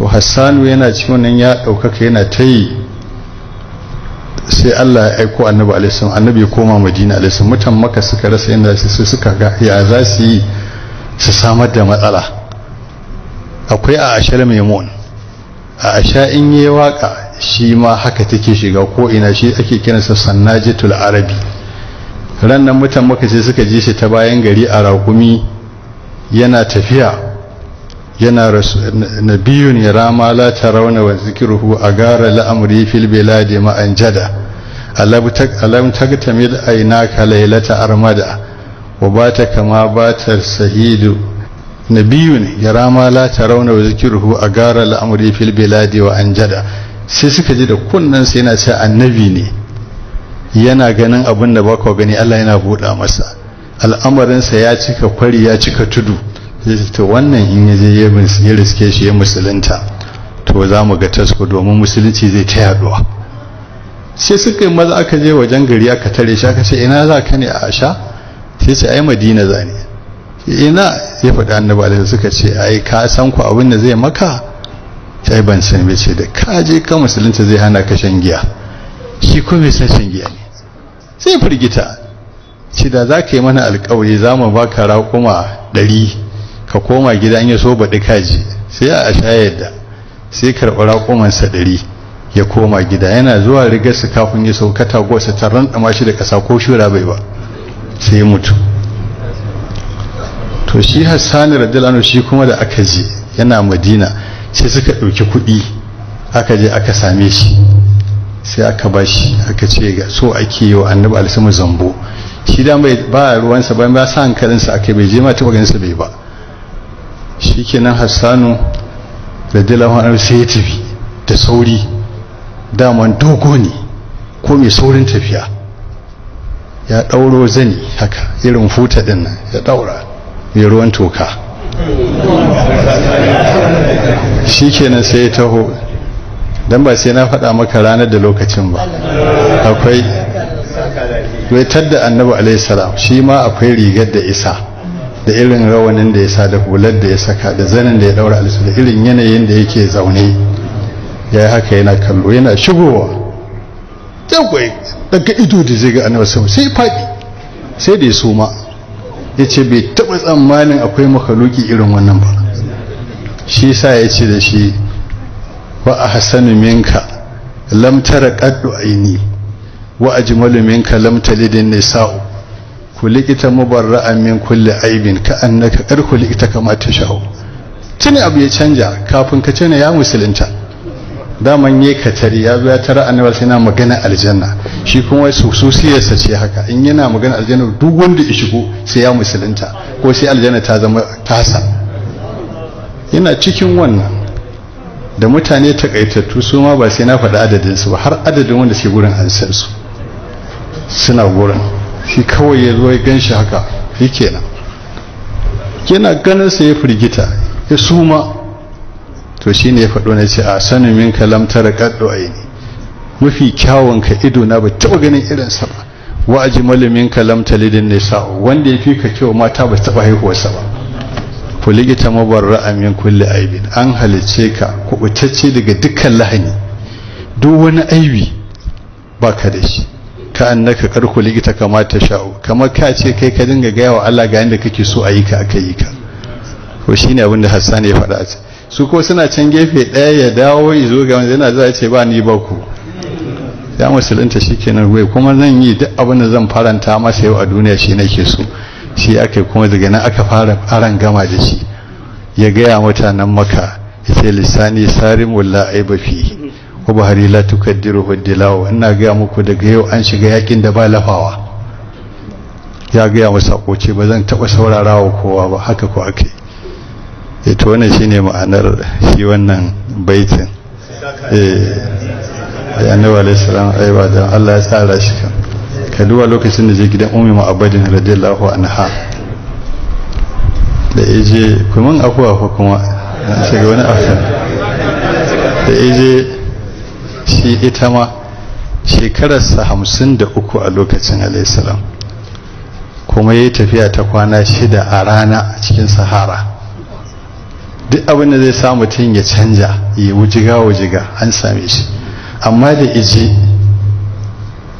to hassanu yana ci wannan ya ɗaukaka yana ta yi sai allah ya aiko annabi alisun annabi ya koma madina alisun mutan maka suka rasa inda su suka ga ya za su yi su samar da matsala akwai a ashar maimun a asha in yi waka shi ma haka take shiga ko ina shi ake kiransa sannajitul arabi ran nan mutan maka sai suka ji shi ta bayan gari a rakumi yana tafiya yana nabiyun ya rama la tarawna wa zikruhu agara la'amri fil biladi ma anjada alam tagtamil ka lailata armada wa bata kama bata sahidu nabiyun ya rama la tarawna wa zikruhu agara la'amri fil biladi wa anjada sai suka ji da kunnan sai yana ce annabi ne yana ganin abin da baka gani Allah yana buɗa masa al'amarinsa ya cika kwari ya cika tudu to wannan in yaje ya riske shi ya musulunta to za mu ga tasko domin musulunci zai ta yaduwa sai suka yi maza aka je wajen gari aka tare shi aka ce ina za ka ne a asha sai ce ai madina za ne ina ya faɗi annabi alaihi suka ce ai ka san ku abin da zai maka sai ban san bai ce da ka je ka musulunta zai hana ka shan giya shi ko bai san shan giya ne sai firgita ce da za ka yi mana alkawari za mu baka raƙuma ɗari ka koma gida in ya so baɗi kaji sai a asha yadda sai karɓi raƙumansa ɗari ya koma gida yana zuwa rigarsa kafin ya sauka tagosa ta ranɗama shi da ƙasa ko shura bai ba sai mutu to shi hassani radiyallahu shi kuma da aka je yana madina sai suka ɗauki kuɗi aka je aka same shi sai aka ba shi aka ce ga so ake yi wa annabi alisama zambo shi da bai ba ruwansa ba ba sa hankalinsa aka bai je ma taɓa ganinsa bai ba shi hassanu da dilawan tafi da sauri daman dogo ne ko mai saurin tafiya ya ɗauro zani haka irin futa ɗin nan ya ɗaura mai ruwan toka Shikenan sai ya taho don ba sai na faɗa maka ranar da lokacin ba akwai waitar da annabi alaihi salam shi ma akwai rigar da isa da irin rawanin da ya sa da hular da ya saka da zanen da ya daura alisu da irin yanayin da yake zaune ya yi haka yana kallo yana shigowa yawai daga ido da zai ga annabi sai sai faɗi sai da ya suma ya ce bai taɓa tsammanin akwai makaluki irin wannan ba shi sa ya ce da shi wa a hasanu minka lamtara tara aini wa ajmalu minka lam talidin nisa'u kulikita mubarra'a min kulli aibin ka annaka kar kulikita kama ta shawo tuni abu ya canja kafin ka cana ya musulunta daman ya katari ya zo ya tara annabi sai na magana aljanna shi kuma yasa ce haka in yana magana aljanna duk wanda ya shigo sai ya musulunta ko sai aljanna ta zama tasa yana cikin wannan da mutane takaitattu su ma ba sai na faɗi adadinsu ba har adadin wanda suke gurin an su suna gurin shi kawai ya zo ya gan shi haka shi kenan yana ganin sa ya firgita ya suma to shi ya faɗo na ce a sanin min kalam tara aini mafi kyawun ka ido na ba taɓa ganin irinsa ba wa ajmalu min kalam talidin nisa wanda ya fi ka kyau mata ba taɓa haihuwarsa ba fuligita mabarra amin kulle aibin an halice ka kubutacce daga dukkan lahani duk wani aibi baka da shi ka annaka karku ligita kama ta sha'u kamar ka ce kai ka dinga gaya wa Allah ga yadda kake so a yi ka aka yi ka ko shine abin da Hassan ya faɗa su ko suna can gefe ɗaya ya dawo ya zo ga wanda yana za ce ba ni ba ku ya musulunta shikenan wai kuma zan yi duk abin da zan faranta masa yau a duniya shi nake so shi aka kuma daga nan aka fara aran gama da shi ya gaya mutanen maka ya ce lissani sarim walla fihi wa buhari la tukaddiru hudilawa ina gaya muku daga yau an shiga yakin da ba lafawa ya gaya wa sakoce ba zan taɓa saurarawa kowa ba haka ko ake ita eh, wannan shine ma'anar shi wannan baitin eh, eh annabi alayhi salam ai ba dan Allah ya tsara shi kan ka duba lokacin da je gidan ummi ma'abadin radiyallahu anha da yaje kuma akwai kuma shiga wani akan da yaje ce ita ma shekararsa hamsin da uku a lokacin alaihissalam kuma ya yi tafiya ta kwana shida a rana a cikin sahara duk abinda zai sa mutum ya canja ya wujiga wujiga an same shi amma da iji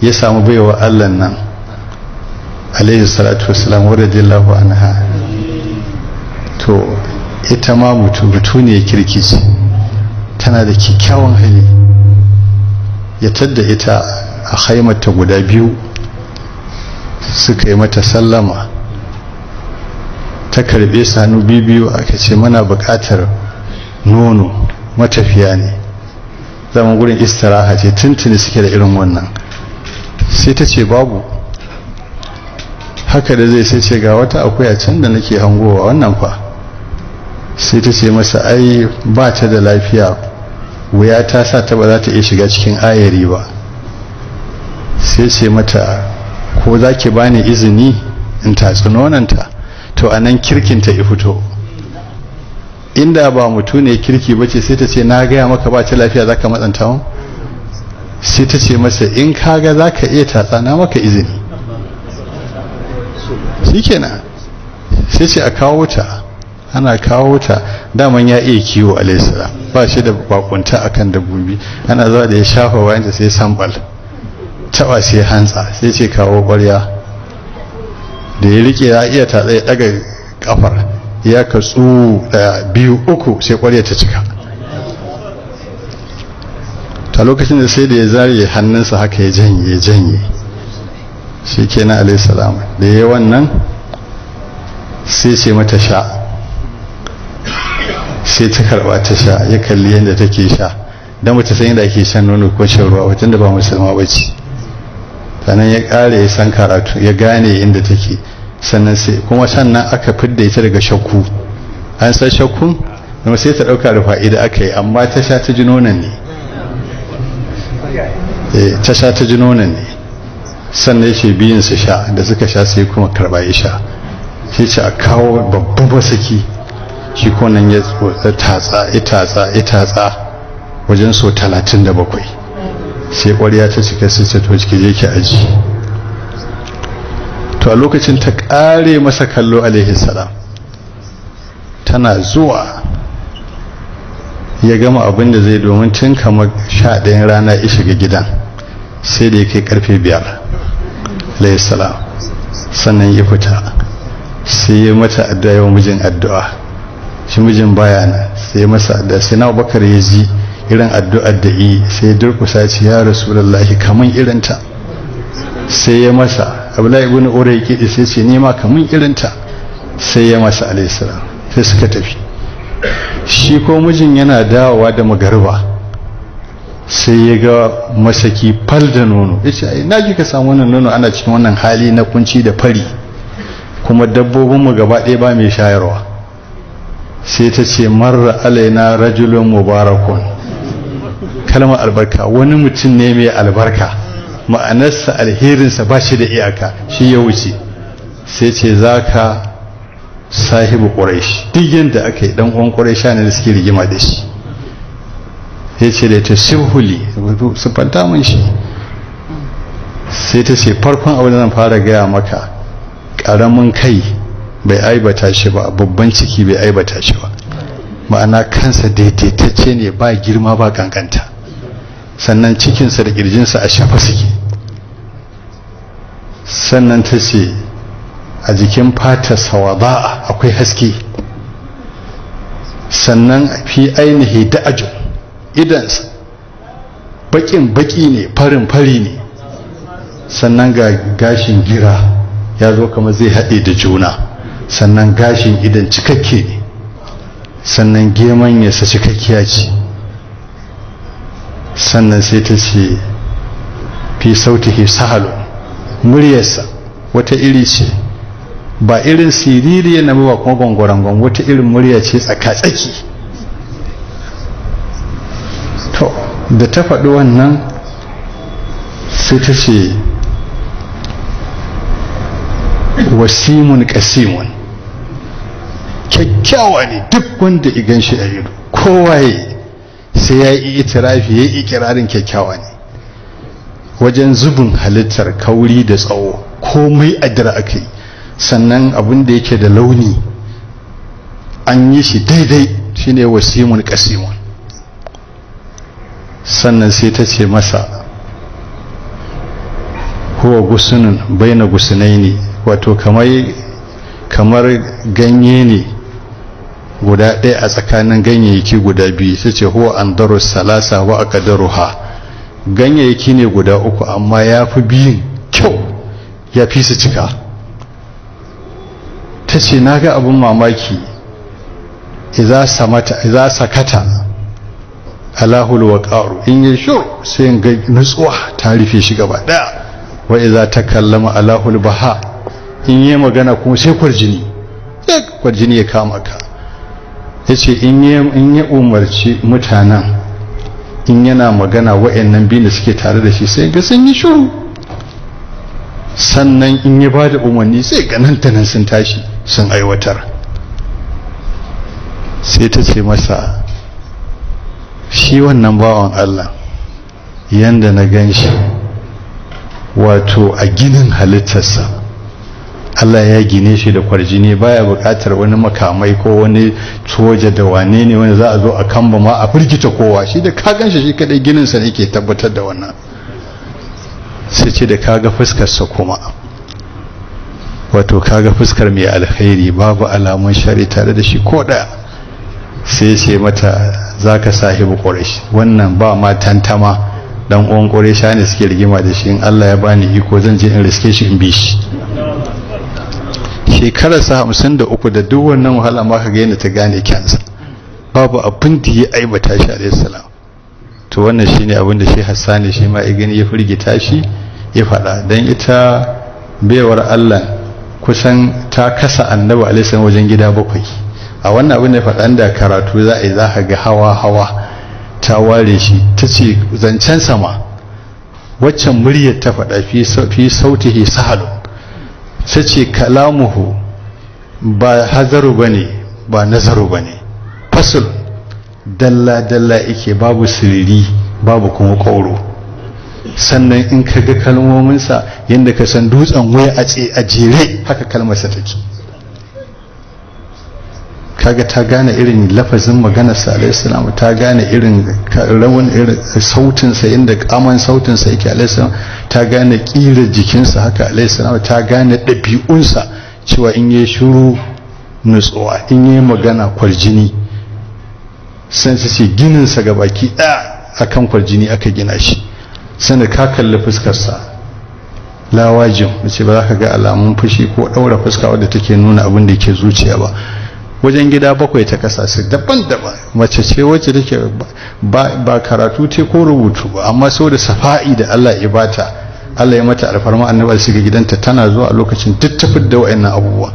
ya samu baiwa allah nan alaihi salatu wasalam radiyallahu anha to ita ma mutu ne ya kirkici tana da kyakkyawan hali ya tadda ita a haimata guda biyu suka yi mata sallama ta karbe sanu biyu aka ce mana bukatar nono matafiya ne zama gurin istiraha ce tuntuni suke da irin wannan sai ta ce babu haka da zai sai ce ga wata akwai a can da nake hangowa wannan fa sai ta ce masa ai ba ta da lafiya wuya ta sa ta ba za ta iya shiga cikin ayari ba sai ce mata ko za ki bani izini in tatsi nonanta to a nan kirkinta ya fito inda ba mutu ne kirki ba ce sai ta ce na gaya maka ba ta lafiya za ka matsanta wa sai ta ce masa in kaga za ka iya tatsa na maka izini shikenan sai ce a kawo ta ana kawo ta daman ya iya kiwo alaihi ba shi da bakunta akan dabbobi ana zuwa da ya shafa wayan da sai sambal taba sai hantsa sai ce kawo ƙwarya da ya rike ya iya tatsa ya daga kafar ya katsu daya eh, biyu uku sai ƙwarya ta cika ta lokacin da sai da ya zare hannunsa haka ya janye janye shi kenan alaihi salam da ya wannan sai ce mata sha sai ta karba ta sha ya kalli yadda take sha don ba sai san yadda ake shan nono ko shan ruwa wajen da ba musulma ba ce sannan ya kare ya san karatu ya gane inda take sannan sai kuma sannan aka fidda ita daga shakku an san shakku kuma sai ta ɗauka da fa'ida aka yi amma ta sha ta ji nonon ne eh, ta sha ta ji nonon ne sannan biyun su sha da suka sha sai kuma karba ya sha sai ce a kawo babban masaki shi nan ya tatsa itatsa itatsa wajen so 37 sai kwarya ta cika sai ce to cike je ki aji to a lokacin ta kare masa kallo alaihi salam tana zuwa ya gama abin da zai domin tun kamar sha ɗayan rana ya shiga gidan sai da ya kai karfe biyar alaihi sannan ya fita sai ya mata addu'a yawan mijin addu'a shi mijin baya nan sai masa da sai na bakar ya ji irin addu'ar da yi sai durkusa ce ya rasulullahi kaman irinta sai ya masa abulai ibn ya kidi sai ce ni ma irin irinta sai ya masa alayhi salam sai suka tafi shi ko mijin yana dawowa da magariba sai ya ga masaki fal da nono yace ce na ji ka samu wannan nono ana cikin wannan hali na kunci da fari kuma dabbobin mu gaba ɗaya ba mai shayarwa sai ta ce marar alaina rajulun mubarakun kalmar albarka wani mutum ne mai albarka ma'anarsa alherinsa ba shi da iyaka shi ya wuce sai ce za ka sahibu ƙuraish duk yadda aka yi ɗan uwan ƙuraisha ne da suke rigima da shi ya ce da ita sihuli fanta mun shi sai ta ce farkon abin da zan fara gaya maka ƙaramin kai bai aibata shi ba babban ciki bai aibata shi ba ma'ana kansa daidaitacce ne ba girma ba kankanta sannan cikinsa da kirjinsa a shafa suke sannan ta ce a jikin fatarsa sawaba akwai haske sannan fi ainihi da'ajo idansa bakin baki ne farin fari ne sannan ga gashin gira ya zo kama zai haɗe da juna sannan gashin idan cikakke sannan geman yasa cikakkiya ce sannan sai ta ce fi sautihi sahalo muryarsa wata iri ce ba irin siriri na ba kuma gwangwarangon wata irin murya ce tsaka-tsaki to da ta faɗi wannan sai ta ce wasimun kasimun kyakkyawa ne duk wanda ya gan shi a ido kowaye sai ya yi itirafi ya yi ikirarin kyakkyawa ne wajen zubin halittar kauri da tsawo komai dira aka yi sannan abin da yake da launi an yi shi daidai shine wasimun kasimun sannan sai ta ce masa huwa gusunin baina gusunai ne wato kamar ganye ne guda ɗaya a tsakanin ganyayyaki guda biyu sai ce huwa an daru salasa wa ha ganyayyaki ne guda uku amma ya fi biyun kyau ya fi su cika ta ce na ga abin mamaki iza sakata alahul ƙaru in yi shur sai ga nutsuwa ta rufe shi gaba ɗaya wa iza ta kallama alahul baha in yi magana kuma sai kwarjini sai kwarjini ya kama ka ya ce in ya umarci mutanen in yana magana wa'annan biyu da suke tare da shi sai ga sun yi shuru sannan in ya ba da umarni sai ganin nan sun tashi sun aiwatar sai ta ce masa shi wannan bawan Allah yanda na gan shi wato a ginin halittarsa Allah ya gine shi da kwarjini baya buƙatar wani makamai ko wani soja da wane ne wani za a zo a kamba ma a firgita kowa shi da ka ganshi shi kadai ginin sa ne ke tabbatar da wannan sai ce da kaga fuskar sa kuma wato kaga fuskar mai alkhairi babu alamun shari tare da shi ko ɗaya sai ce mata za zaka sahibu ƙorish wannan ba ma tantama dan uwan quraisha ne suke rigima da shi in Allah ya bani iko zan je in riske shi in bi shi Shekarar sa hamsin da uku da duk wannan wahala ma ka gaina ta gane kyansa babu abin da ya aibata shi alayhi salam to wannan shine abin da shi hassani shi ma ya gani ya firgita shi ya faɗa dan ita baiwar allah kusan ta kasa annabi alayhi salam wajen gida bakwai a wannan abin da faɗan da karatu za a yi za ga hawa hawa ta ware shi ta ce zancen sama waccan muryar ta faɗa fi sautihi sahalu. sai ce kalamuhu ba hazaru ba ne ba nazaru ba ne fasul dalla-dalla ike babu siriri babu kuma ƙauro sannan in ka ga kalmominsa yadda ka san dutsen waya a jere haka kalmarsa take kaga ta gane irin lafazin maganarsa salam ta gane irin rawan irin sautinsa inda kaman sautinsa yake salam ta gane kira jikinsa haka salam ta gane ɗabi'unsa cewa in yayi shuru nutsuwa in yayi magana kwarjini ginin gininsa ga baki ɗaya akan kwarjini aka gina shi sanda ka kalli fuskarsa lawajin mace ba za ka ga alamun fushi ko ɗaura fuska wadda take nuna abin da ke zuciya ba wajen gida bakwai ta kasa su daban-daban mace ce wacce take ba karatu ce ko rubutu ba amma sau da safa'i da Allah ya bata Allah ya mata alfarma annabi ga gidanta tana zuwa a lokacin duk ta fidda wayannan abubuwa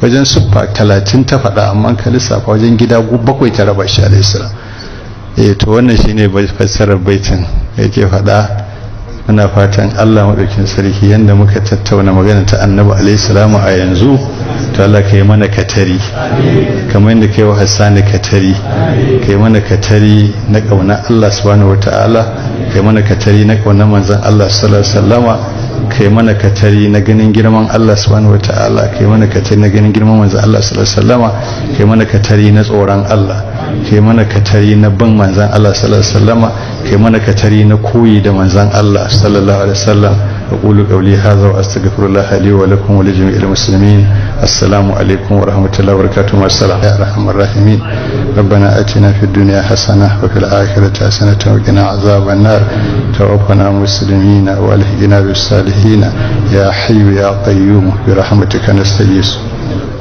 wajen suffa talatin ta faɗa amma ka lissafa wajen gida bakwai ta raba shi alaihi salam eh to wannan shine fassarar baitin yake faɗa muna fatan Allah maɗaukin sarki yadda muka tattauna magana ta annabi alaihissalamu a yanzu to Allah ka yi mana katari kamar yadda ka yi wa hassani katari ka yi mana katari na ƙaunar Allah subhanahu wa ta'ala ka yi mana katari na ƙaunar manzan Allah sallallahu alaihi wasallama kai mana katari na ganin girman Allah subhanahu wataala kai mana katari na ganin girman manzan Allah sallallahu alaihi wasallama kai mana katari na tsoron Allah kai mana katari na bin manzon Allah sallallahu alaihi wasallama كمان mana katari na زن الله صلى الله عليه وسلم أقول قولي هذا وأستغفر الله لي ولكم ولجميع المسلمين السلام عليكم ورحمة الله وبركاته والسلام يا رحم الراحمين ربنا أتنا في الدنيا حسنة وفي الآخرة حسنة وقنا عذاب النار توفنا مسلمين والهدنا بالصالحين يا حي يا قيوم برحمتك نستجيس